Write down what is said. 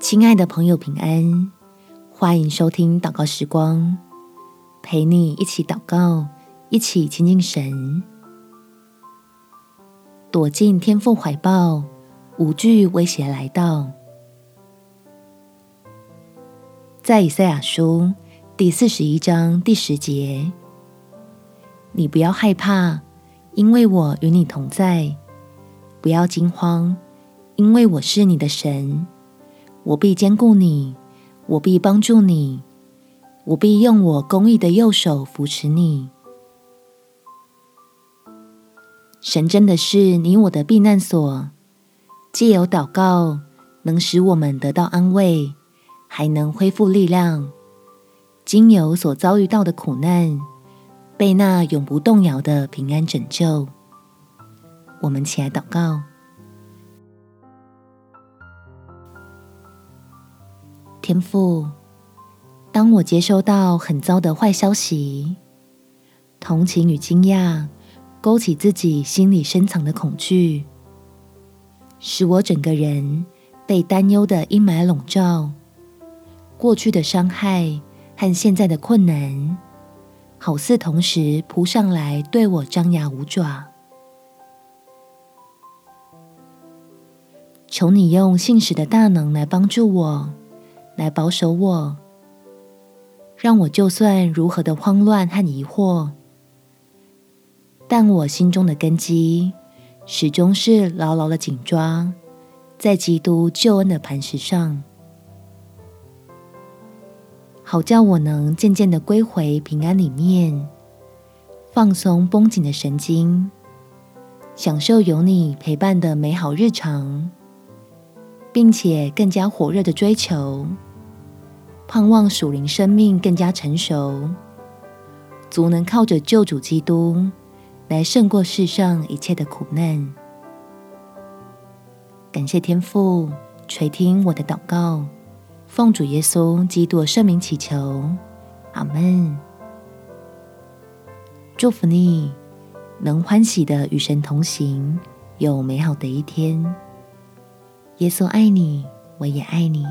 親愛的朋友，平安！歡迎收聽禱告時光，陪你一起禱告，一起親近神，躲進天父懷抱，無懼威脅來到。在以賽亞書第四十一章第十節：“你不要害怕，因為我與你同在；不要驚慌，因為我是你的神。”我必兼顧你，我必幫助你，我必用我公義的右手扶持你。神真的是你我的避難所，藉由禱告能使我們得到安慰，還能恢復力量。經由所遭遇到的苦難，被那永不動搖的平安拯救。我們起來禱告。天父，當我接收到很糟的壞消息，同情與驚訝勾起自己心裡深藏的恐懼，使我整個人被擔憂的陰霾籠罩。過去的傷害和現在的困難，好似同時撲上來對我張牙舞爪。求你用信實的大能來幫助我。來保守我，讓我就算如何的慌亂和疑惑，但我心中的根基始終是牢牢的緊抓在基督救恩的磐石上，好叫我能漸漸的歸回平安裡面，放鬆繃緊的神經，享受有你陪伴的美好日常，並且更加火熱的追求。盼望屬靈生命更加成熟，足能靠着救主基督來勝過世上一切的苦難。感謝天父垂聽我的禱告，奉主耶穌基督聖名祈求，阿門。祝福你，能歡喜的與神同行，有美好的一天。耶穌愛你，我也愛你。